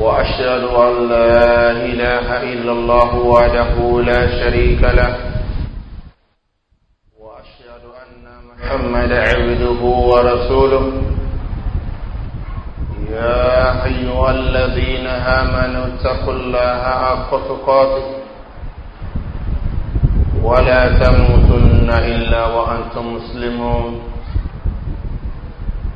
وأشهد أن لا إله إلا الله وحده لا شريك له وأشهد أن محمد عبده ورسوله يا أيها الذين آمنوا اتقوا الله حق تقاته ولا تموتن إلا وأنتم مسلمون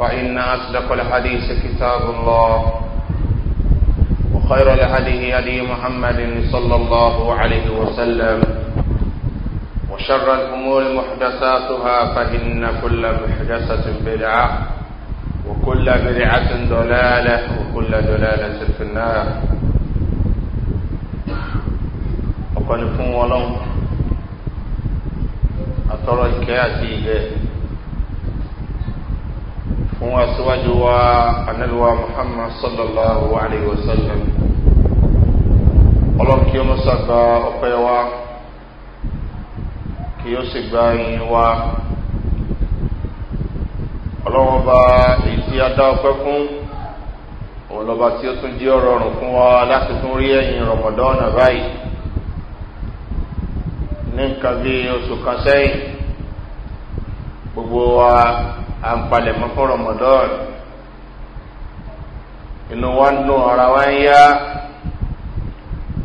فإن أصدق الحديث كتاب الله وخير الهدي هدي محمد صلى الله عليه وسلم وشر الأمور محدثاتها فإن كل محدثة بدعة وكل بدعة دلالة وكل دلالة في النار وقال فون ولون أترى الكاتب òun aṣíwájú wa anábíwá muhammad sallallahu alayhi wa sallam ọlọ́run kí ó mú sàgbà ọpẹ́ wa kí ó sì gba ìyìn wa ọlọ́run bá èyí tí a dá ọpẹ́ fún òun lọ́ba tí ó tún jẹ́ ọ̀rọ̀rùn fún wa láti tún rí ẹ̀yìn rọmọdọ́nà báyìí ní nǹkan bí oṣù kan sẹ́yìn gbogbo wa à ń palẹ̀ mọ́ fún ramadan inú wa ń dùn ara wa ń yá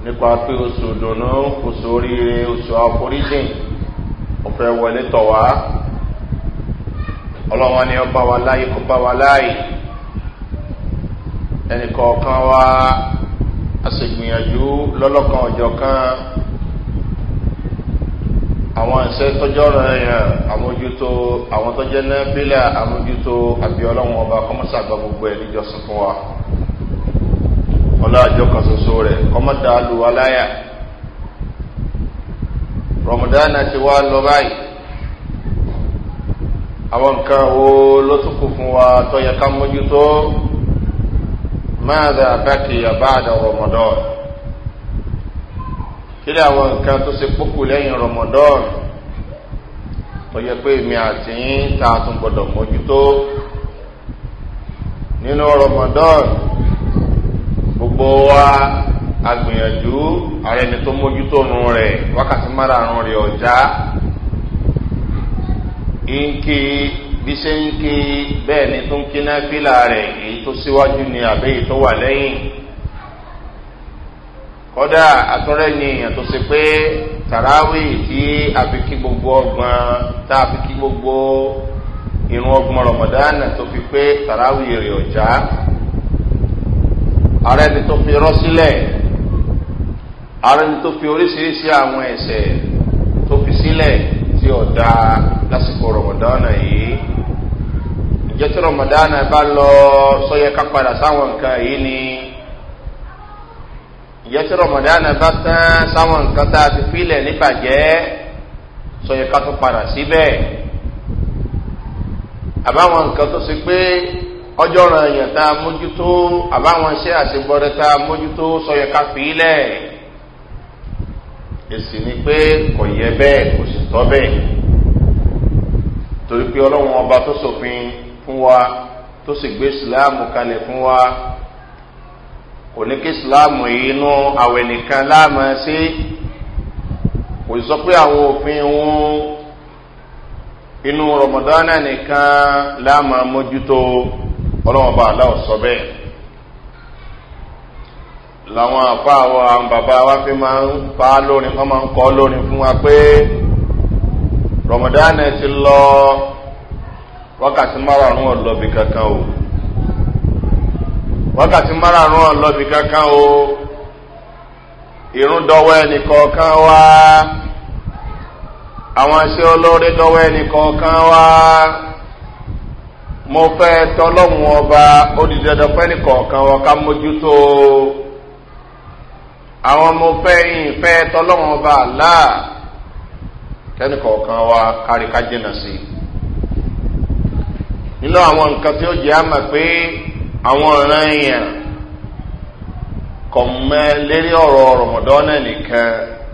nípa pé oṣù dùnú oṣù oríire oṣù àforíjìn òfẹ́ wọlé tọ̀ wá ọlọ́wọ́n ni ọba wa láyé kó bá wa láyé ẹnì kọ̀ọ̀kan wa a sì gbìyànjú lọ́lọ́kan ọ̀jọ̀ kan ṣe tọjọ ọ̀rọ̀ yẹn àmójútó àwọn tó jẹ náà bílẹ àmójútó àbí ọlọ́run ọba kọmọsà gba gbogbo ẹ níjọsìn fún wa ọlọ́àjọ kan ṣoṣo rẹ kọmọdà lu aláyà rọmọdánà ti wá lọ báyìí àwọn nǹkan wo ló tún kù fún wa tó yẹ ká mójútó máa dà bákì àbáàdà rọmọdán kí ni àwọn nǹkan tó ṣe kókò lẹ́yìn rọmọdán tó yẹ pé èmi àti yín ta tún gbọdọ̀ mójútó nínú ramadan gbogbo wa agbìyànjú ààrẹ ni tó mójútó nu rẹ̀ wákàtí márààrún rẹ̀ ọ̀já ìǹkì bí ṣe ń kí bẹ́ẹ̀ ni tó ń kí náà fílà rẹ̀ èyí tó síwájú ni àbẹ́yìí tó wà lẹ́yìn kọ́dà àtúnrẹ́ ni èèyàn tó ṣe pé tàràwì tí àfi kí gbogbo ọgbọ̀n tá àfi kí gbogbo irun ọgbọ̀n rọmọdánà tó fi pé tàràwì èrè ọ̀já ààrẹ ni tó fi rọ́ sílẹ̀ ààrẹ ni tó fi oríṣiríṣi àwọn ẹ̀sẹ̀ tó fi sílẹ̀ tí ọ̀dà lásìkò rọmọdánà yìí ìjẹ́ tí bá lọ sọ́yẹ́ ká sáwọn nǹkan yìí ni ìyẹn tí rọmọdánà bá tán sáwọn nǹkan tá a ti filẹ̀ níbàjẹ́ sọyẹ ká tó padà síbẹ̀ àbáwọn nǹkan tó ṣe pé ọjọ́ ran èèyàn tá a mójútó àbáwọn iṣẹ́ àṣegbọ́dẹ tá a mójútó sọyẹ ká filẹ̀ èsì ni pé kò yẹ bẹ́ẹ̀ kò sì tọ́ bẹ́ẹ̀ torí pé ọlọ́run ọba tó sòfin fún wa tó sì gbé ìsìláàmù kalẹ̀ fún wa kò ní kí islam inú àwẹ̀ nìkan láàmà sí kò sọ pé àwọn òfin wọn inú rọmọdánà nìkan láàmà mójútó ọlọ́wọ́n bá aláwọ̀ sọ bẹ́ẹ̀ làwọn àfa àwọn àwọn bàbá wa fi máa ń pa lórin wọn máa ń kọ́ lórin fún wa pé rọmọdánà ti lọ wákàtí márùn-ún ọ̀lọ́bì kankan o wákàtí márààrún ọlọ́bì kankan o irun dọ́wọ́ ẹnìkọ̀ọ̀kan wá àwọn aṣẹ́ olóore dọ́wọ́ ẹnìkọ̀ọ̀kan wá mo fẹ́ tọ́lọ́hún ọba odìdẹ́dọ̀ fẹ́nìkọ̀ọ̀kan wọ ká mójútó àwọn mo fẹ́ yìn fẹ́ tọ́lọ́hún ọba láà kẹ́nìkọ̀ọ̀kan wá kárí ká jìnnà sí i nínú àwọn nǹkan tí ó jẹ́ àmà pé àwọn ọ̀ràn èèyàn kọ̀ mọ́ lérí ọ̀rọ̀ rọ̀mọ̀dọ́nà nìkan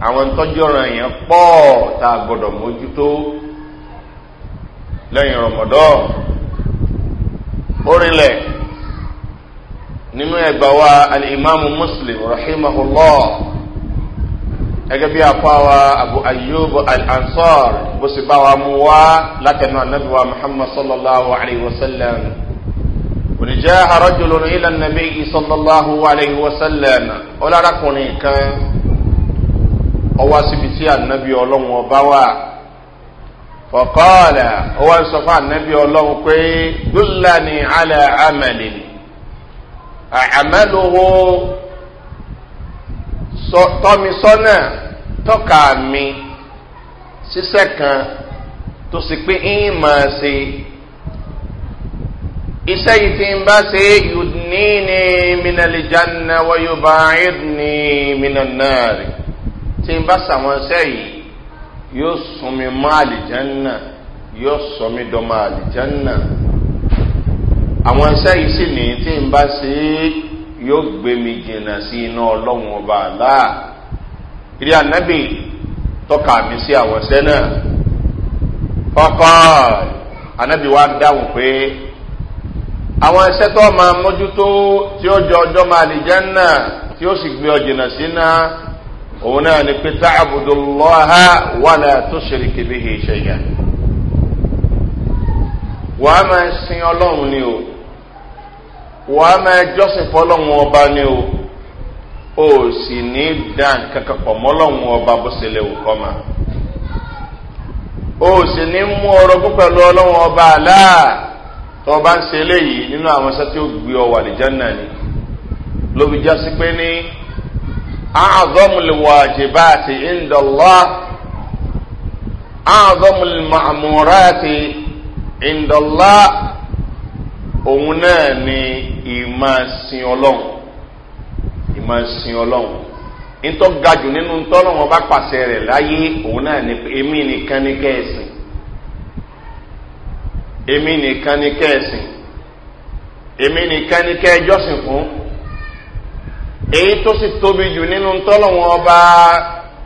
àwọn tọ́jú ọ̀ràn èèyàn pọ̀ tá a gbọ́dọ̀ mójútó lẹ́yìn rọ̀mọ̀dọ́ orílẹ̀ nínú ẹgbà wa alìmáàmù muslim rahimahullah gẹ́gẹ́ bí afáwa abu ayyub al-ansar bó sì bá wa mú wá látẹnu anabiwa muhammad sallallahu alayhi wa sallam. قل جاء رجل إلى النبي صلى الله عليه وسلم ولا ركني كان أواسبتي النبي الله وبوا فقال هو صفى النبي الله كي دلني على عمل أعمله tọ́mi sọ́nà tọ́ka mi ṣiṣẹ́ kan tó sì pé ń máa iṣẹ́ yìí ti ń bá ṣe yùdní ní minalijanna wa yorùbá ní minanari ti ń bá ṣàwọn iṣẹ́ yìí yóò sọmi mọ́ àlìjánná yóò sọmi dọ́mọ àlìjánná àwọn iṣẹ́ yìí sì ní tí ń bá ṣe yóò gbé jìnnà sí iná ọlọ́run ọba àlá ìdí ànábì tọ́ka mi sí àwọn iṣẹ́ náà fọ́kọ́ ànábì wa dáhùn pé àwọn ẹsẹ tó máa mójútó tí ó jọ ọjọ́ máa lè jẹ́ náà tí ó sì gbé ọ̀jìnà sí náà òun náà ni pé táàbùdó wà láà tó ṣèlè kébé he ṣẹ̀yà. wàá máa sin ọlọ́run ni o wàá máa jọ́sìn fọlọ́run ọba ni o ó sì ní dàn kankan pọ̀ mọ́lọ́run ọba bó ṣe lè wù kọ́ máa ó sì ní mú ọrọ̀ púpẹ̀ lọ́wọ́ ọba àláà tó bá ń se eléyìí nínú àwọn sẹ́tí ó gbé ọ wà lè jẹ́nà ni ló fi já sí pé ní àádọ́mùlùwàjìbáàtì ìndọ̀lá àádọ́mùlùmọ̀àmùráàtì ìndọ̀lá òun náà ni ìmọ̀-sìn ọlọ́run ìmọ̀-sìn ọlọ́run nítọ́ gajù nínú tọ́lọ́run ọba pàṣẹ rẹ̀ láyé òun náà ni èmi nìkan ní kẹ́ẹ̀sìn èmi nìkan ni kẹ́ẹ̀sìn èmi nìkan ni kẹ́ẹ̀jọ́sìn fún èyí tó sì tóbi jù nínú tọ́lọ̀wọ́n ọba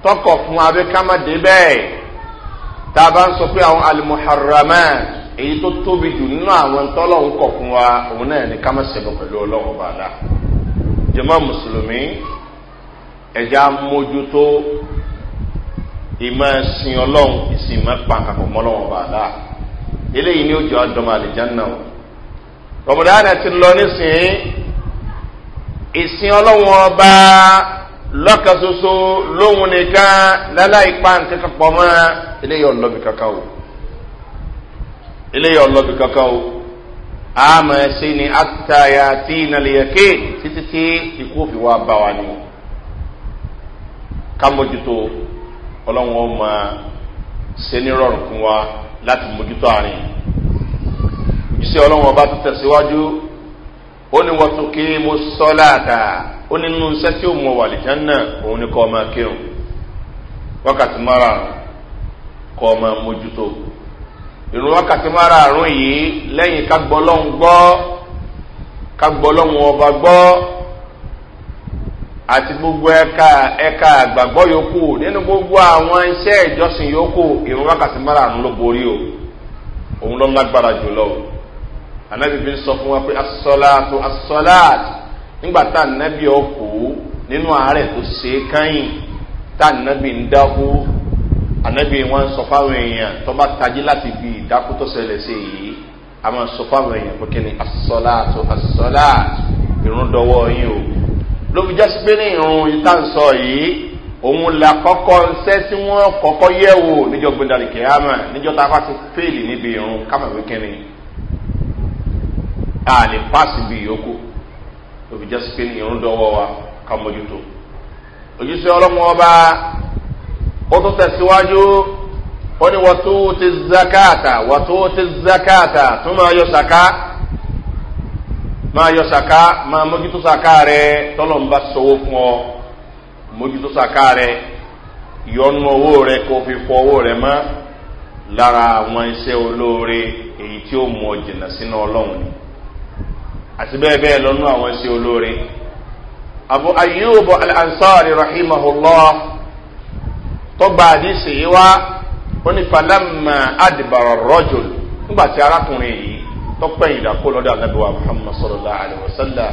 tọkọ̀ fún abẹ́kámádé bẹ́ẹ̀ tá a bá ń sọ pé àwọn alimuharraman èyí tó tóbi jù nínú àwọn tọ́lọ̀wọ́n kọ̀ fún wa òun náà ní kámẹ́sẹ̀bọ̀ pẹ̀lú ọlọ́wọ́n bá dá jẹ́mọ́ mùsùlùmí ẹ̀já mójútó ìmọ̀ ẹ̀sìn ọlọ́run ìsìn mẹ́pàkàkọ̀ mọ́lọ́wọ́n bá dá eléyìí ni ó jọ àdọ́mọ àlìjánná o rọmọdánà ti lọ nísìnyí ìsìn ọlọ́wọ́n ọba lọ́kàn soso lóhun nìkan láláì pa nǹkan kan pọ̀ mọ́ eléyìí ọlọ́bì kankan o eléyìí ọlọ́bì kankan o àmọ́ ẹ̀sìn ni àtàyà tí ìnàlẹ̀yẹ̀kẹ́ títí tí ikú òfin wa bá wa ni ká ọlọ́wọ́n ọmọ ṣe rọrùn fún wa láti mójútó àárín ìṣe ọlọ́run ọba tó tẹ̀síwájú ó ní wọ́n tún kí mo sọ́ láàtà ó ní nínú iṣẹ́ tí ó mú wà lìjẹ́ náà òun ni kọ́ ọmọ kírun wákàtí mara kọ́ ọmọ mójútó ìrún wákàtí mara àrùn yìí lẹ́yìn ká gbọ́ lọ́hùn gbọ́ ká gbọ́ lọ́hùn ọba gbọ́ àti gbogbo ẹka ẹka àgbàgbọ́ yòókù nínú gbogbo àwọn iṣẹ́ ìjọsìn yòókù ìrún wákàtí márààrún ló borí o òun ló lágbára jùlọ o anabi fi ń sọ fún wa pé asọ́láàtò asọ́láàtò nígbà tá anabi ọkù nínú àárẹ̀ tó ṣe é káyìn tá anabi ń dákú anabi wọn ń sọ fáwọn èèyàn tó bá tají láti fi ìdákú tó ṣẹlẹ̀ sí yìí a máa sọ fáwọn èèyàn pé kí ni asọ́láàtò asọ́láàtò ìrún dọwọ́ yín o ló fi jẹ́ sí pé ní irun ìtànsọ yìí òun la kọ́kọ́ ṣẹ́ tí wọ́n kọ́kọ́ yẹ̀ wò níjọ́ gbẹdàlì kìámà níjọ́ tá a bá ti fèèlì níbi irun kámà pé kẹ́ni a lè paasi bí yòókù ló fi jẹ́ sí pé ní irun dọ́wọ́ wa ká mójútó ojúṣe ọlọ́wọ́n ọba ó tún tẹ̀síwájú ó ní wàtú ti zakata wàtú ti zakata tó máa yọ saka máa yọ sàká máa mójútó sàká rẹ tọ́lọ̀ ń bá sọ̀wọ́ fún ọ mójútó sàká rẹ ìyọnu owó rẹ kó fi fọ owó rẹ mọ́ lára àwọn iṣẹ́ olóore èyí tí ó mú ọ jìnnà sínú ọlọ́run ni àti bẹ́ẹ̀ bẹ́ẹ̀ lọ́nú àwọn iṣẹ́ olóore abu ayyub al-ansari tọgbà àdìsí yìí wá ó ní falama adìbàrọ̀ rọ́jòl nígbà tí arákùnrin yìí tọ́pẹ́ ìdàkó lọ́dọ̀ anábíwá muhammad sọlọ́lá àlẹ́wọ̀sálà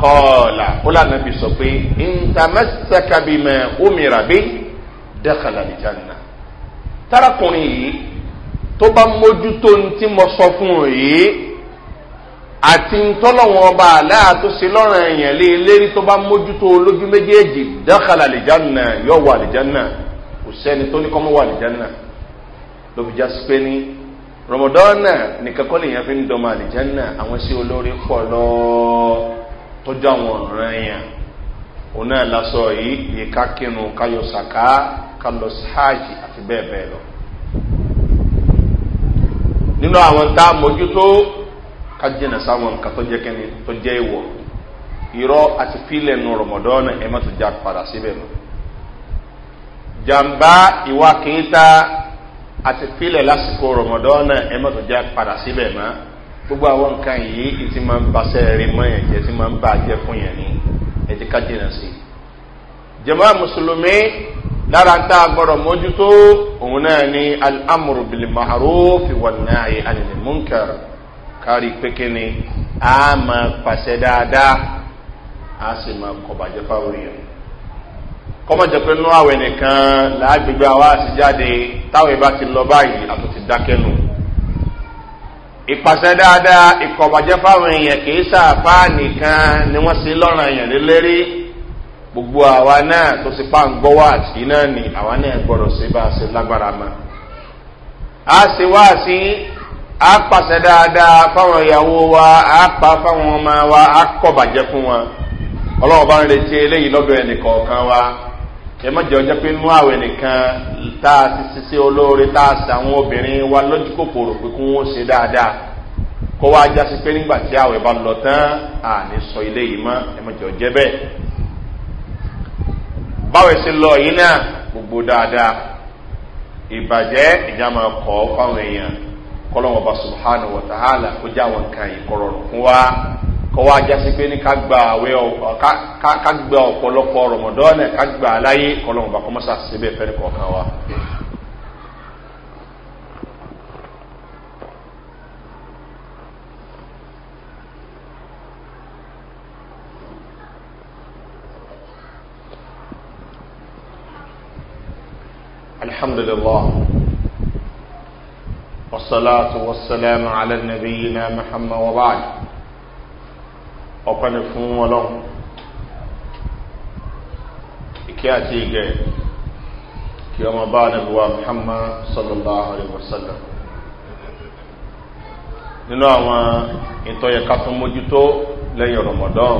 kọ́ọ̀là ó lànàbí sọ pé ìntàmẹ́sàkàbìmẹ̀ omirabe dẹ́kàlà nìjànà tárakùnrin yìí tó bá mójútó ní tí mo sọ fún un yìí àti ntọ́lọ́wọ́n ọba aláàtúnṣe lọ́rùn ẹ̀yàn lé e lérí tó bá mójútó olójú méjèèjì dẹ́kàlà nìjànà yọ̀ wà nìjànà kò sẹ́ni tó ní wà nìjànà lóbi já pé ní rọmọdọ́nà nìkan kọ́ lèèyàn fi ń dọmọ àlìjánà àwọn sí olórí pọ̀ lọ tọ́jú àwọn ọ̀ràn yẹn òun náà lásọ yìí lè ká kírun káyọ̀ sàká ká lọ sí hajj àti bẹ́ẹ̀ bẹ́ẹ̀ lọ. nínú àwọn tá a mójútó ká jìnnà sáwọn nǹkan tó jẹ́ kẹ́ni tó jẹ́ ìwọ̀ irọ́ àti fílẹ̀ nu rọmọdọ́nà ẹ̀ má já padà síbẹ̀ lọ. jàǹbá ìwà kìí ta àti pílẹ̀ lásìkò rọmọdọ́nà ẹ má tó jẹ́ padà síbẹ̀ mọ́ gbogbo àwọn nǹkan yìí ti máa ń baṣẹ́ rí mọ́ yẹn jẹ́ ti máa ń bà jẹ́ fún yẹn ní ẹ̀jẹ̀ ká jìnnà sí i. jẹ̀mọ́ mùsùlùmí lára ń tá gbọ́dọ̀ mójútó òun náà ni al'amuru bil ma'aruf wà náà yìí alìlẹ̀ munkar kárí pékè ni a máa pàṣẹ dáadáa a sì máa kọ̀ fáwọn èèyàn kọ́mọ̀ jẹ́ pé nínú àwẹ̀ nìkan làágbègbè àwa àti jáde táwọn ìbá ti lọ báyìí àtúntì dákẹ́nu ìpàṣẹ dáadáa ìkọ̀bàjẹ́ fáwọn èèyàn kìí sàfá nìkan ni wọ́n sì lọ́ràn èèyàn lélẹ́rí gbogbo àwa náà tó sì pa ń gbọ́wọ́ àti náà ni àwa náà gbọ́dọ̀ sí bá a ṣe lágbára mọ́ a sì wá sí a pàṣẹ dáadáa fáwọn ìyàwó wa a pa fáwọn ọmọ wa a kọ̀bàjẹ́ fún wọn ọlọ́wọ́ bá ń retí eléyìí lọ́dọ̀ ẹnì kọ̀ọ̀kan wa ẹ má jẹ́ ọjọ́ pé inú àwẹ̀ nìkan tá a ti ṣiṣẹ́ olóore tá a ṣe àwọn obìnrin wa lójú kòkòrò pé kí wọ́n ṣe dáadáa kó wá já sí pé nígbà tí àwẹ̀ bá lọ tán à ní sọ ilé yìí mọ́ ẹ má jẹ́ ọjọ́ ṣe lọ yìí náà gbogbo dáadáa ìbàjẹ́ ìjà máa kọ́ fáwọn èèyàn kọ́lọ́wọ́n subhanahu wa ta'ala kó já wọn kan ìkọ̀rọ̀ fún wa ọwọ́ ajásí pé ní ká gba àwẹ́ ká gba ọ̀pọ̀lọpọ̀ rọmọdọ́nà ká gba aláyé kọlọ́mọba kọmọ́sá síbẹ̀ fẹ́ni kọ̀ọ̀kan wa. الحمد لله والصلاة والسلام على نبينا محمد وبعد ọpẹ́ ni fún ọlọ́run ìkẹ́ àti ìgẹ̀ kí ọmọ bá nàbíwá muhammad sallallahu alaihi wasallam nínú àwọn ìtọ́yẹ káfún mójútó lẹ́yìn ramadan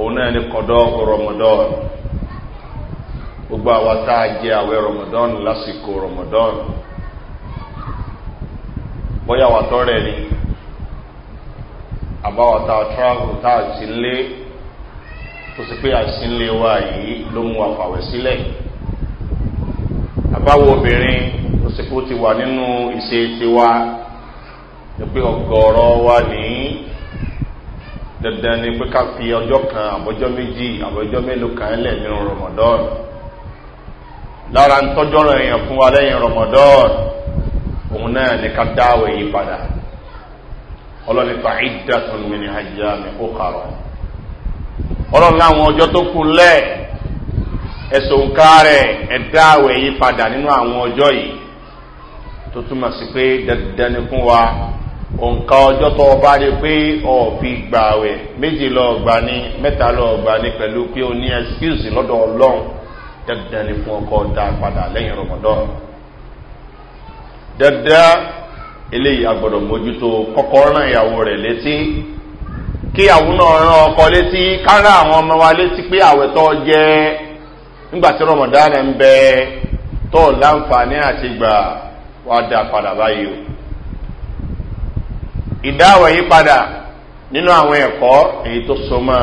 òun náà ni kọ̀dọ̀ ramadan gbogbo àwa tá a jẹ àwẹ̀ ramadan lásìkò ramadan bóyá wà tọ́rẹ̀ ni àbáwọ̀ tá a travel tá a ti lé tó sì pé àìsínlé wa yìí ló mú àfàwẹ̀ sílẹ̀ àbáwọ̀ obìnrin tó sì pé ó ti wà nínú ìṣe tiwa ni pé ọgọ́rọ̀ wa ní dandan ni pé ká fi ọjọ́ kan àbọ̀jọ́ méjì àbọ̀jọ́ mélòó kan lẹ̀ nínú ramadan lára ń tọ́jọ́ rẹ̀ yẹn fún wa lẹ́yìn ramadan òun náà ni ká dáwọ̀ yìí padà ọlọ́ni fa ìdàtún mi ní ajá mi kó kàrọ̀ ọlọ́ni láwọn ọjọ́ tó kù lẹ̀ ẹ̀sùn kárẹ̀ ẹ̀dá àwẹ̀ yí padà nínú àwọn ọjọ́ yìí tó túmọ̀ sí pé dandan ni fún wa òǹkà ọjọ́ tó bá rí pé ọ̀fi gbà àwẹ̀ méjì lọ gbà ní mẹ́ta lọ gbà ní pẹ̀lú pé o ní ẹ̀skíùsì lọ́dọ̀ ọlọ́run dandan ni fún ọkọ̀ dá padà lẹ́yìn rọmọdọ́rùn dandan eléyìí agbọ̀dọ̀ mójútó kọ́kọ́ rán ìyàwó rẹ̀ létí kí àwọn náà rán ọkọ létí kára àwọn ọmọ wa létí pé àwẹ̀tọ́ jẹ́ nígbàtí ramadan ń bẹ tó láǹfààní àti gbà wá dá padà báyìí o ìdáwẹ̀ yí padà nínú àwọn ẹ̀kọ́ èyí tó so mọ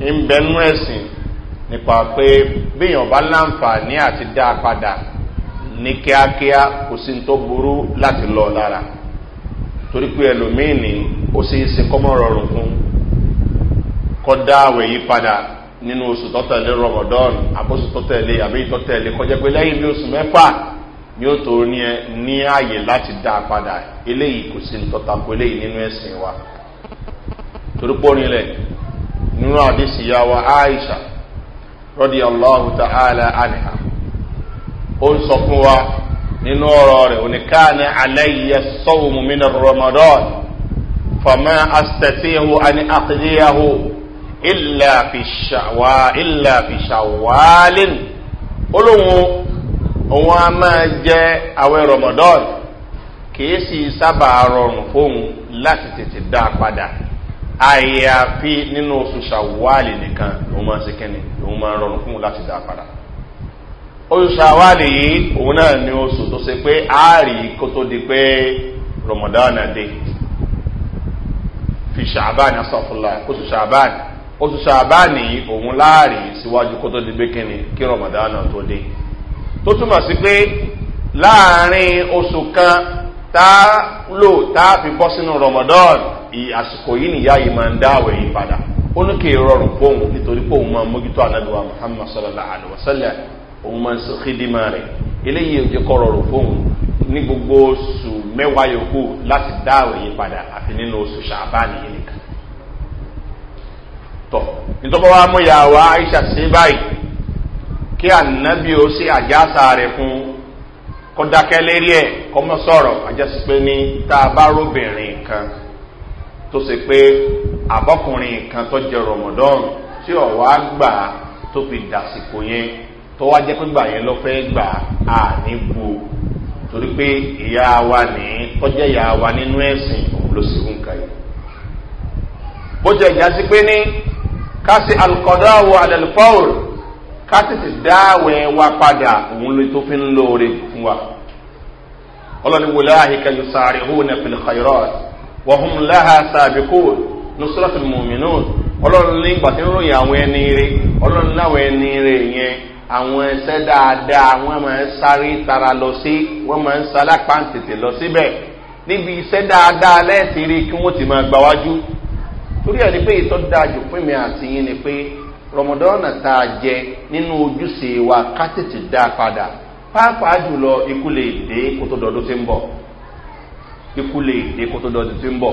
ń bẹnú ẹ̀sìn nípa pé bíyàn bá láǹfààní àti dá padà ní kíákíá kò sí tó burú láti lọ lára torí pé ẹlòmíín ni ó sì é ṣe kọ́mọ́ rọrùn fún kọ́ àwẹ̀ yí padà nínú oṣù tọ́tẹ̀lé rọmọdọ́n àbóṣù tọ́tẹ̀lé àbí tọ́tẹ̀lé kọjá pé lẹ́yìn bí oṣù mẹ́fà ni ó tó ní ẹ ní ààyè láti dá a padà eléyìí kò sí tọ́tàkó eléyìí nínú ẹ̀sìn wa torí pé orin nínú àdéṣìyá wa aisha rọ́dí allahu ta'ala anha ó ń sọ fún wa nínú ọ̀rọ̀ rẹ̀ oníkàánì aláyẹ sọ́wọ́mù mínà ramadan fama asitẹ̀síhu ani akadéyahu ilà fi ṣàwálìn olóhùn òun a máa jẹ àwẹ ramadan kìí sì sábà rọrùn fóun láti tètè dá a padà àyàfi nínú oṣù ṣàwálì nìkan òun máa ṣe kẹ́ni òun máa rọrùn fóun láti dá a padà oṣù ṣàwálì yìí òun náà ni oṣù tó ṣe pé ààrì kó tó di pé ramadan dé fi ṣàbáni asọ́fúnla oṣù ṣàbáni oṣù ṣàbáni yìí òun láàrì síwájú kó tó di pé kíni kí ramadan tó dé tó túmọ̀ sí pé láàrin oṣù kan tá lò tá fi bọ́ sínú ramadan àsìkò yìí nìyá yìí máa ń dáwẹ̀ yìí padà ó ní kí n rọrùn fóun nítorí pé máa mójútó ànábìwá muhammad sallallahu alaihi wa sallam òun máa ń sọ kídìmá rẹ̀ eléyìí ò jẹ́ kọ́rọ̀ rò fóun ní gbogbo oṣù mẹ́wàá yòókù láti dá òye padà àfi nínú oṣù ṣàbáàní yìí nìkan. tọ́ nítorí wàá mú ya wa aisha sí báyìí kí ànábì ó ṣe àjàsà rẹ̀ fún kọ́dákẹ́ lérí ẹ̀ kọ́mọ sọ̀rọ̀ àjẹsí pé ní tá a bá róbìnrin kan tó ṣe pé àbọ́kùnrin kan tó jẹ rọmọdọ́n tí ọ̀wá gbà tó fi dàsìkò yẹn tó wá pé gbà yẹn lọ fẹ gbà á ní bu torí pé ìyá wa ní tọ́jẹ́ ìyá wa nínú ẹ̀sìn òun ló sì ń kàyé. bó jẹ́ ìjà sí pé ní kásì alukọ̀dá wo kásì ti dá wa padà òun fi ń lóore fún wa. ọlọ́ni wòlé na wọ́n láha sàbíkó mùmínú ní yẹn àwọn ẹsẹ dáadáa wọn máa ń sáré tara lọ sí wọn máa ń salápá tètè lọ síbẹ̀ níbi iṣẹ́ dáadáa lẹ́sìn rí kí wọ́n ti máa gbáwájú torí ẹni pé ìtọ́ dájú fún mi àti yín ni pé rọmọdọ́nà tá a jẹ nínú ojúṣe wa ká tètè dá a padà pàápàá jùlọ ikú lè dé kótó dọdún tí ń bọ̀ ikú lè dé kótó dọdún tí ń bọ̀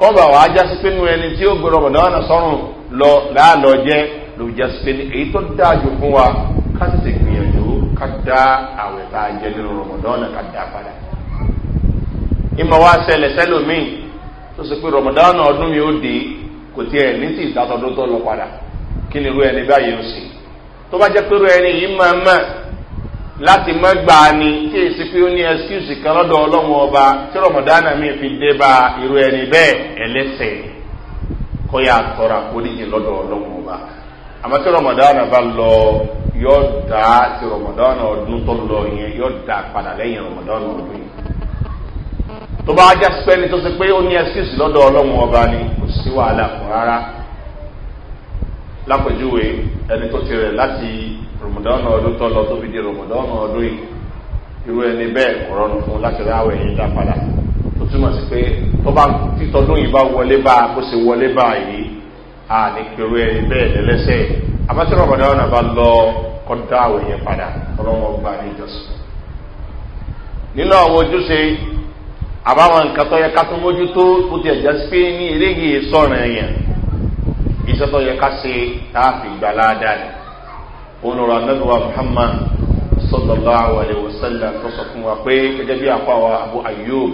kọ́ńbà wàá jásí pé ẹni tí ó gbé rọmọdọ́nà sọ́rùn lọ láàlọ́ jẹ́ ló jẹ́ sí pé èyí tó dáàjò fún wa ká sì ti gbìyànjú ká dá àwẹ̀ bá jẹ́ nínú rọmọdọ́nà ká dá padà ìmọ̀ wa ṣẹlẹ̀ sẹ́lòmíì tó sì pé rọmọdọ́nà ọdún mi ó dé kò tiẹ̀ ní ti ìdásọdún tó lọ padà kí ni irú ẹni báyìí ń sìn tó bá jẹ́ pé irú ẹni yìí máa mọ̀ láti mọ́ gbà á ni kí èsì pé ó ní ẹskíùsì kan lọ́dọ̀ ọlọ́run ọba tí rọmọdánà mi fi dé bá irú ẹni bẹ́ẹ̀ ẹlẹ́sẹ̀ kó yà tọ́ra kó díje lọ́dọ̀ ọlọ́run àmọ́ tí rọmọdánà bá lọ yọ dá ti rọmọdánà ọdún tó lọ yẹn yọ dá padà lẹ́yìn rọmọdánà ọdún yìí tó bá jẹ́ pẹ́ni tó ti pé ó ní ẹ́síìsì lọ́dọ̀ ọlọ́run ọba ni kò sí wàhálà fún rárá lápèjúwe ẹni tó ti rẹ̀ láti rọmọdánà ọdún tó lọ tó fi di rọmọdánà ọdún yìí irú ẹni bẹ́ẹ̀ kò rọrùn fún láti rí àwẹ̀ yìí dá padà tó túmọ̀ sí pé tó bá títọ́dún yìí bá wọlé bá a kó ṣe wọlé bá a yìí àlèkèrò ẹni bẹ́ẹ̀ lẹ́lẹ́sẹ̀ àbáṣẹ́ ọ̀kọ̀dá ọ̀nà bá lọ kọ́dá òye padà ọlọ́wọ́ gbà ní ìjọsìn nínú àwọn ojúṣe àbáwọn nǹkan tó yẹ ká tó mójútó ó ti ẹ̀jẹ̀ sí pé ní eléyìí sọ̀rọ̀ ẹ̀yàn iṣẹ́ tó yẹ ká ṣe táàfì ìgbàláàdá ni olùrọ̀ anábìwá muhammad sọ́dọ̀lá àwàlẹ̀ wòsànlá tó sọ fún wa pé gẹ́gẹ́ bí àpáwà abu ayub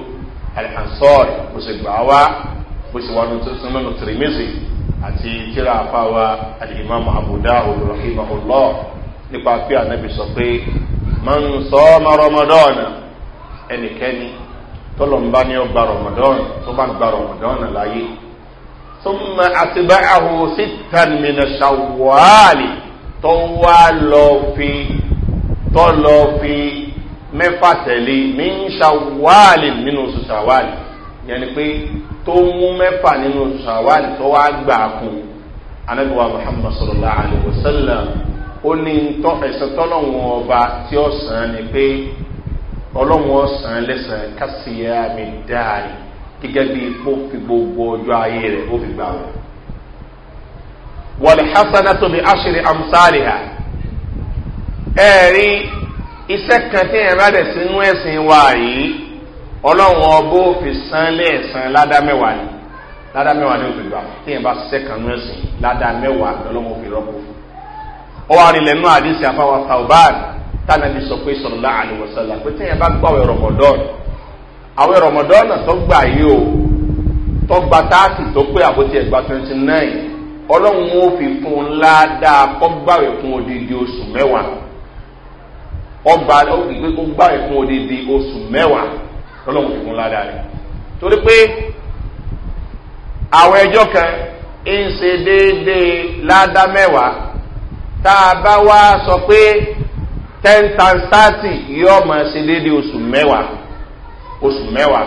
alhansor kò sì gbà wá kò sì wà nínú tìrìmẹ́sì àti tíra àfáwa alìmọ́mù àbúdá olùrọ̀kìmọ̀ ọlọ́ nípa pé ànábì sọ pé máa ń sọ ọmọ rọmọdọ́ọ̀nà ẹnikẹ́ni tọ́lọ̀mbá ni ó gba rọmọdọ́ọ̀nà tó bá gba rọmọdọ́ọ̀nà láyé tó mọ àtibá àhò sítàmìnà ṣàwọ́àlì tó wá lọ fi tó lọ fi mẹ́fà tẹ̀lé mí ń ṣàwọ́àlì nínú oṣù ṣàwọ́àlì yẹn ni pé tó mú mẹ́fà nínú sàwálì tó wá gbà kún anabiwa muhammad sallallahu alayhi wa sallam ó ní tọ́ ẹ̀sìn tọ́lọ́wọ́n ọba tí ó sàn ni pé ọlọ́wọ́n sàn lẹ́sàn kásìyà mi dáàrí gẹ́gẹ́ bí ó fi gbogbo ọjọ́ ayé rẹ̀ ó fi gbà wọ́n. wọ́n hasana tó aṣèrè amsaali ha ẹ̀ẹ́rí iṣẹ́ kan tí ẹ̀rọ adẹ̀sínú ẹ̀sìn wá yìí ọlọ́run ọbọ̀ fi san lẹ́ẹ̀sán ládámẹ́wàá ni ládámẹ́wàá ni ó fi gbà téèyàn bá ṣiṣẹ́ kan náà sìn ládámẹ́wàá lọ́lọ́run fi rọ́pò fún ọ wá rí lẹ́nu àdìsí afáwa tauban tánàbí sọ pé sọlọ́lá àlùwọ̀sọ̀lá pé téèyàn bá gbọ́ àwọn rọmọdọ́ọ̀nù àwọn rọmọdọ́ọ̀nù tó gbà yìí o tó gba táàtì tó pé àbótí ẹgbà twenty nine ọlọ́run ó fi fún un ládàá kọ́ gbàwé fún odidi oṣù mẹ́wàá ọgbà ó gbàwé fún odidi oṣù mẹ́wàá tọ́lọ́mù fi fún ládàá rẹ̀ torí pé àwọn ẹjọ́ kan ń ṣe déédéé ládá mẹ́wàá tá a bá wá sọ pé ten times thirty yóò máa ṣe déédéé oṣù mẹ́wàá oṣù mẹ́wàá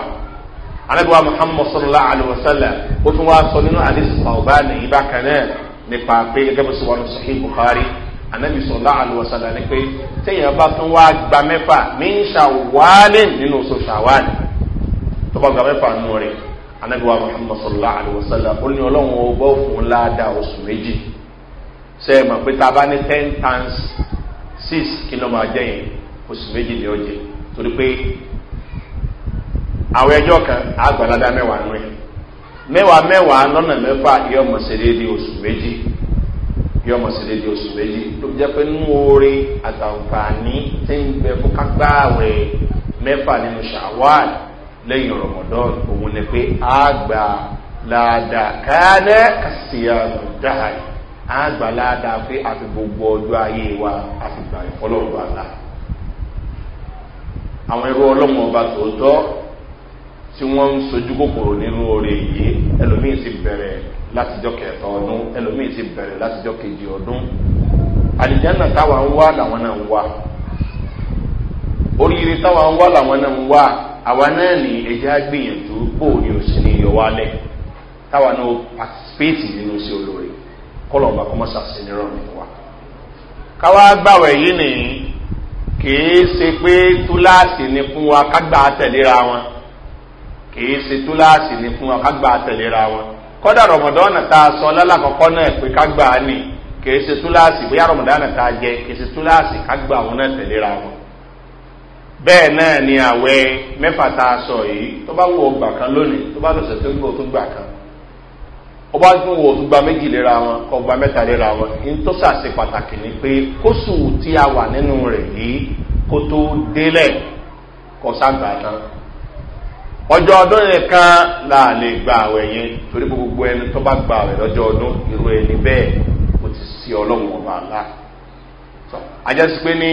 anabiwa muhammad sallallahu alaihi wa sallam ó tún wá sọ nínú àdìsí sàlbáàni ìbákan náà nípa pé gẹ́gẹ́ bí sọ wọn sọ hí buhari anabi sọlá àlùwàsálà ni pé téèyàn bá tún wá gba mẹ́fà ní ṣàwálẹ̀ nínú oṣù ṣàwálẹ̀ gba mẹ́fà nù rẹ̀ anabi wa muhammad sọlá àlùwàsálà ó ní ọlọ́run ọgbọ́ òfin ládàá oṣù méjì ṣe é mọ̀ pé tá a bá ní ten times six kí ló máa jẹ́ yẹn oṣù méjì ni ó jẹ torí pé àwọn ẹjọ́ kan àgbàládá mẹ́wàá nù ẹ̀ mẹ́wàá mẹ́wàá lọ́nà mẹ́fà yóò mọ̀ ṣe déédéé oṣù méjì yọ ọmọ sí lédi oṣù méjì ló jẹ́ pé nínú oore àtàǹfààní tí ń bẹ fún kágbáàwẹ̀ mẹ́fà nínú ṣàwáàl lẹ́yìn rọmọdọ́n òun ni pé àgbà làdà káàdẹ́ kàṣíyàmù dáhàì àgbà làdà pé àti gbogbo ọjọ́ ayé wa àti gbà ìfọlọ́rọ̀ àlà àwọn ẹrú ọlọ́mọ ọba tòótọ́ tí wọ́n ń sojú kòkòrò nínú oore yìí ẹlòmíín sì bẹ̀rẹ̀ látijọ́ kẹta ọdún ẹlòmíì ti bẹ̀rẹ̀ látijọ́ kejì ọdún àlìjáná táwa ń wá làwọn náà ń wá oríire táwa ń wá làwọn náà ń wá àwa náà ní ẹjẹ́ àgbìyànjú bò ní òsì ní iyọ̀ wálẹ̀ táwa náà pàtísípéètì nínú sí olóore kọlọ̀ọ̀bà kọ́mọ́sà sí nírọ̀rùn wa káwa gbàwẹ̀ yìí nìyí kìí ṣe pé túláàsì ni fún wa kágbà tẹ̀léra wọn kìí ṣe túláàsì ni fún wa kágbà tẹ̀léra wọn kọ́dà rọmọdọ́nà tá a sọ lálàkọ́kọ́ náà pé ká gbà á nì kìí ṣe túláàsì bóyá rọmọdọ́nà tá a jẹ kìí túláàsì ká gbà àwọn náà tẹ̀léra wọn. bẹ́ẹ̀ náà ni àwẹ mẹ́fà tá a sọ yìí tó bá wù ọgbà kan lónìí tó bá lọ́sẹ̀ tó gbọ́ tó gbà kan ó bá tún wò tó gba méjì léra wọn kọ́ gba mẹ́ta léra wọn ní tó ṣàṣe pàtàkì ni pé kóṣù tí a wà nínú rẹ̀ yìí kó tó délẹ̀ kọ́ sábà náà ọjọ́ ọdún nìkan là lè gba àwẹ̀ yẹn torí gbogbo ẹni tó bá gba àwẹ̀ lọ́jọ́ ọdún irú ẹni bẹ́ẹ̀ ó ti sí ọlọ́run ọba ńlá àjẹsí pé ní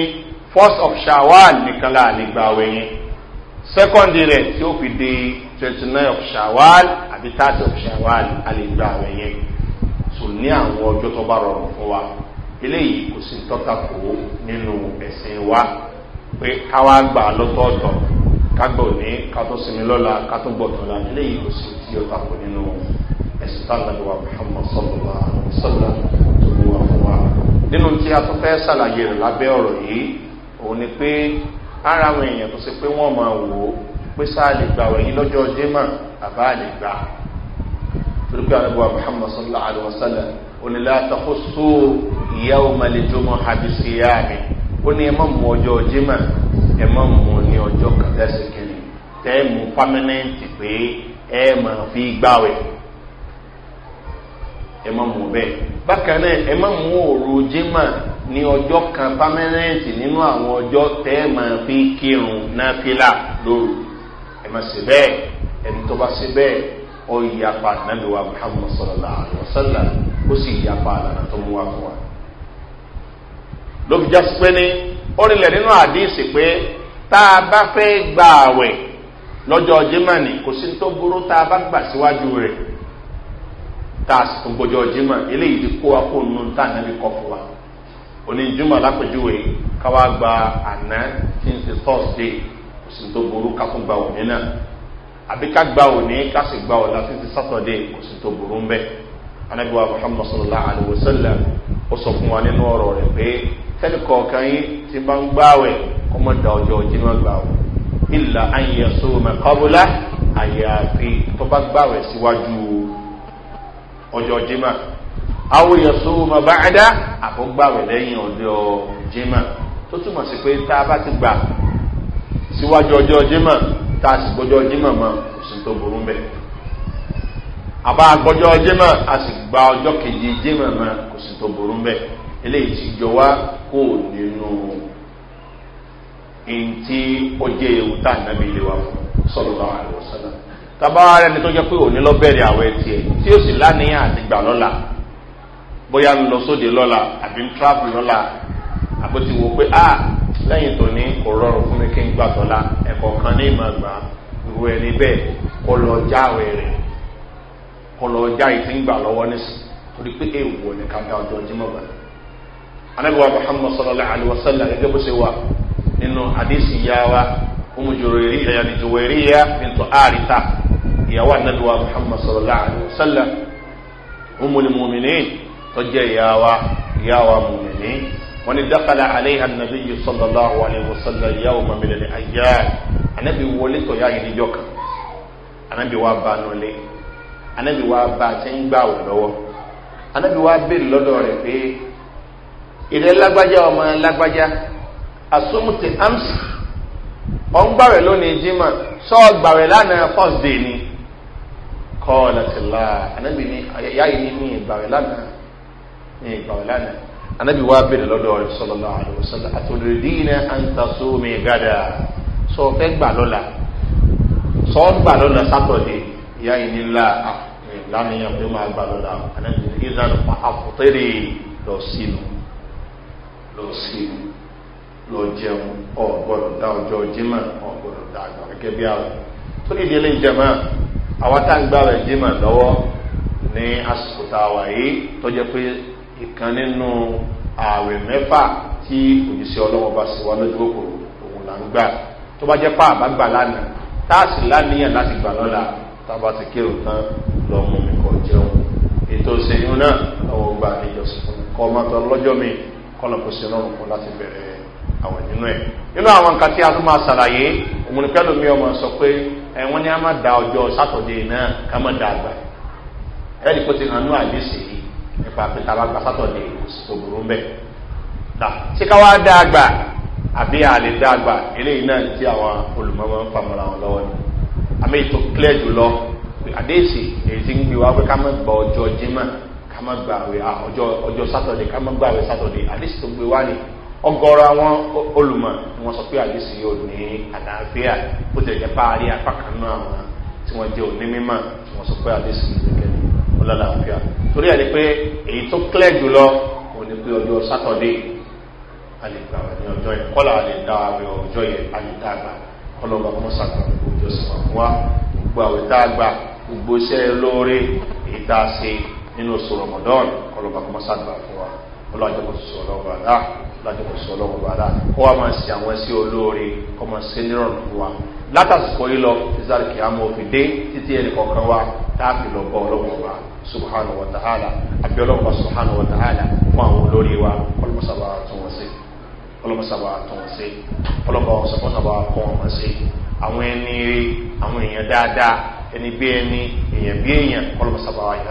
first of shawwal nìkan là lè gba àwẹ̀ yẹn second rẹ̀ tí ó fi di twenty nine of shawwal àbí thirty of shawwal a lè gba àwẹ̀ yẹn tò ní àwọn ọjọ́ tó bá rọrùn fún wa eléyìí kò sí tọ́ta kó nínú ẹ̀sìn wa pé káwá gbà lọ́tọ̀ọ̀tọ̀ kágbọ̀ ní kátó sinmi lọ́la kátó gbọ̀tún la eléyìí kò sí tí ó tako nínú ẹ̀sìn tàbí wa muhammad sallọ́lá sallá tó mú wa fún wa. nínú tí a tó fẹ́ ṣàlàyé rẹ̀ lábẹ́ ọ̀rọ̀ yìí òun ni pé ara àwọn èèyàn tó ṣe pé wọ́n máa wò ó pé sáà lè gbà wẹ̀yìn lọ́jọ́ jimá àbá lè gbà torí pé àwọn ìbúra wa sallam onílà àtàkóso ìyá òun máa lè jó mọ́ àbísí yára mi ó ní ẹmọ́ mú ọjọ́ jimá ẹmọ́ mú ní ọjọ́ kàtẹ́sìkìrì tẹ́ẹ̀mù pámẹ́nẹ́ǹtì pé ẹ máa fi gbáwẹ̀ ẹmọ́ mú bẹ́ẹ̀ bákan náà ẹmọ́ mú òru jimá ní ọjọ́ kan pámẹ́nẹ́ǹtì nínú àwọn ọjọ́ tẹ́ẹ̀ máa fi kírun náà fílà lóru ẹmọ́ sí bẹ́ẹ̀ ẹni tó bá sí bẹ́ẹ̀ ọ ìyapa nàbẹ̀wá muhammad sallallahu alayhi wa sallam ó sì ìyapa àlànà tó mú wá fún wa ló fi jẹ́ pé ní ó rinlẹ̀ nínú àdíìsì pé tá a bá fẹ́ gba àwẹ̀ lọ́jọ́ jimani kò sí tó burú tá a bá gbà síwájú rẹ̀ tá a sì tún gbọ́jọ́ jimani eléyìí ti kó wa kó nu tá a nàbí kọ́ fún wa oníjúmọ̀ lápẹ̀júwe káwá gba àná tí ń ṣe thursday kò sí tó burú ká fún gba òní náà àbí ká gba òní ká sì gba ọ̀la tí ń ṣe saturday kò sí tó burú ń bẹ́ẹ̀ anabiwa muhammadu sallallahu alaihi wa sallam ó sọ fún wa nínú ọ̀rọ̀ rẹ̀ pé tẹ́lẹ̀ kọ̀ọ̀kan yín ti bá ń gbáwẹ̀ ọmọ da ọjọ́ jimá gbáwẹ̀ ìlà ayẹ sọ́ọ̀mọ̀ kọ́bùlá àyàfi tó bá gbáwẹ̀ síwájú ọjọ́ jimá àwọn èèyàn sọ́ọ̀mọ̀ bá ẹ̀dá àfọ́gbáwẹ̀ lẹ́yìn ọjọ́ jimá tó túmọ̀ sí pé tá a bá ti gbà síwájú ọjọ́ jimá tá a sì gbọ́jọ́ jimá mọ́ òsì tó burú bẹ́ẹ̀ àbá gbọ́jọ́ jimá a sì gba ọjọ́ kejì jimá mọ́ òsì tó burú bẹ́ẹ̀ eléyìí ti jọ wá kó nínú èyí tí ó jẹ́ ewu tá ànábi ilé wa fún sọ́lọ́lá àlùsọ́lá tàbá rẹ̀ ni tó jẹ́ pé òní lọ bẹ̀rẹ̀ àwọ̀ ẹ̀tì ẹ̀ tí ó sì lánìyàn àti gbà lọ́la bóyá ń lọ sóde lọ́la àbí ń tíráàbù lọ́la àbó ti wo pé a ah, lẹ́yìn tó ní kò rọrùn fún mi kí n gbà tọ́lá ẹ̀kọ́ kan ní ìmọ̀ àgbà ìwé ẹni bẹ́ẹ̀ kọ́ lọ já àwẹ̀ rẹ̀ lọ já ìtìǹgbà lọ́wọ́ nísìnyí torí pé èèwọ̀ ni ká dá ọjọ́ jímọ̀ bàtà anabi wa muhammad sallallahu alaihi wa sallam gẹ́gẹ́ bó ṣe wà nínú àdéhùn ìyá wa ọmọ jòwèrè yàní jòwèrè yà nítorí àríta ìyàwó anabi wa muhammad sallallahu alaihi wa sallam ọmọ ni mòmìnì tó jẹ́ ìyá wa ìyá wa mòmìnì wọn ni dákàlà àléhà nàbí yìí sallallahu alaihi wa sallam ìyá wa mọ̀mìnì ni àyà anabi wọlé tó yá yìí níjọ anabi wa bá nulẹ̀ anabi wa bá tẹ́ ń gbà anabi wa bèrè lọ́dọ̀ rẹ̀ pé ìrẹ́ lágbájá ọmọ lágbájá asúmùtì ams ọ̀n gbàwẹ̀ lónìí jimá sọ́ọ̀ gbàwẹ̀ lánàá fọ́sdé ni kọ́ọ̀lọ́tìlá anábì ní yáyé ní ní ìgbàwẹ̀ lánàá ní ìgbàwẹ̀ lánàá anábì wá bèrè lọ́dọ̀ rẹ̀ sọ́lọ́lá àdùsọ́lá àtòlódì iná àǹtasó mi gádà sọ fẹ́ gbà lọ́la sọ gbà lọ́la sátọ̀dé yáyé ní ńlá lánàá yẹn máa gbà lọ́la anábì ní ìzànù àfùtẹ́rì lọ sínú lọ sí lọ jẹun ọ̀gbọ̀dọ̀ dá ọjọ́ jímà ọ̀gbọ̀dọ̀ dá àgbà gẹ́gẹ́ bí àwọn tó ní ìdílé ìjẹmà àwọn tá ń gbà rẹ̀ jímà lọ́wọ́ ní àsìkò tá a wà yìí tó jẹ́ pé ìkan nínú ààwẹ̀ mẹ́fà tí òjíṣẹ́ ọlọ́wọ́ bá sì wá lójú òkòrò òun là ń gbà tó bá jẹ́ pààbá gbà lánàá táàsì láníyàn láti gbà lọ́la tábà ti kérò tán lọ mú mi kọ̀ jẹun ètò ìṣèyún náà lọ́wọ́ gbà níjọsìn kọ́ ọmọ tán mi kọ́nà kò sí rọrùn fún láti bẹ̀rẹ̀ àwẹ̀ nínú ẹ̀ nínú àwọn nǹkan tí a tún máa ṣàlàyé òun ni pẹ́lú mi ọmọ sọ pé ẹ wọ́n ní a máa da ọjọ́ sátọ̀dé náà ká má da àgbà ẹ̀ ẹ́dì kó ti hàn ní àdéṣe yìí nípa pé tá a bá gba sátọ̀dé kò sí tó burú bẹ́ẹ̀ dà ṣé da àgbà àbí àlè da àgbà eléyìí náà tí àwọn olùmọ̀ máa ń pamọ́ra wọn lọ́wọ́ ni àmì clear jùlọ àdéṣe èyí ti ń gbé wá pé ká gba ọjọ́ jimá ká má gbàwé ọjọ́ ọjọ́ sátọ̀dẹ̀ ká má gbàwé sátọ̀dẹ̀ àdéṣì tó gbé wá ni ọgọrọ àwọn olùmọ̀ ni wọ́n sọ pé àdéṣì yóò ní àlàáfíà bó tilẹ̀ jẹ́ parí apá kan náà wọn tí wọ́n jẹ́ òní mímọ̀ tí wọ́n sọ pé àdéṣì gẹ́gẹ́ ó lálàáfíà torí àti pé èyí tó clear jùlọ òun ni pé ọjọ́ sátọ̀dẹ̀ alìgbàwé ní ọjọ́ yẹn kọ́lá àlè dá àwẹ̀ ọjọ́ yẹn alìdàgbà kọ́lọ́ba kọ́mọ́sàgbà gbogbo ìjọsìn wa gbogbo àwẹ̀ tá a gbà gbogbo iṣẹ́ lóore ìdá ṣe nínú oṣù ramadan ọlọ́ba kọ́ mọ́sàdùbà fún wa ọlọ́jọ́ kò sọ ọlọ́ba dá ọlọ́jọ́ kò sọ ọlọ́ba dá kó wa máa ṣe àwọn ẹsẹ̀ olóore kó máa ṣe nírọ̀rùn fún wa látàsùkọ yìí lọ ìsáré kìí àmọ́ òfin dé títí ẹnì kọ̀ọ̀kan wa táàfì lọ bọ́ ọlọ́wọ́ wa subhanahu wa ta'ala àbí ọlọ́wọ́ wa subhanahu wa ta'ala fún àwọn olórí wa ọlọ́mọsàbà tún tún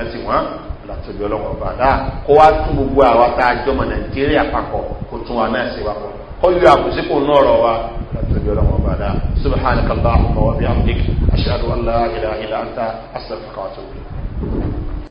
wọ́n sí látòlú ọlọ́wọ́ ọba náà kó wá tún gbogbo àwa tá a jọmọ nàìjíríà papọ̀ kó tún wa náà ṣe wapọ̀ kó yọ àbùsí kò nú ọ̀rọ̀ wa látòlú ọlọ́wọ́ ọba náà subhanahu wa ta'ala wa bihamdik ashadu allah ilaha illa anta astaghfiruka wa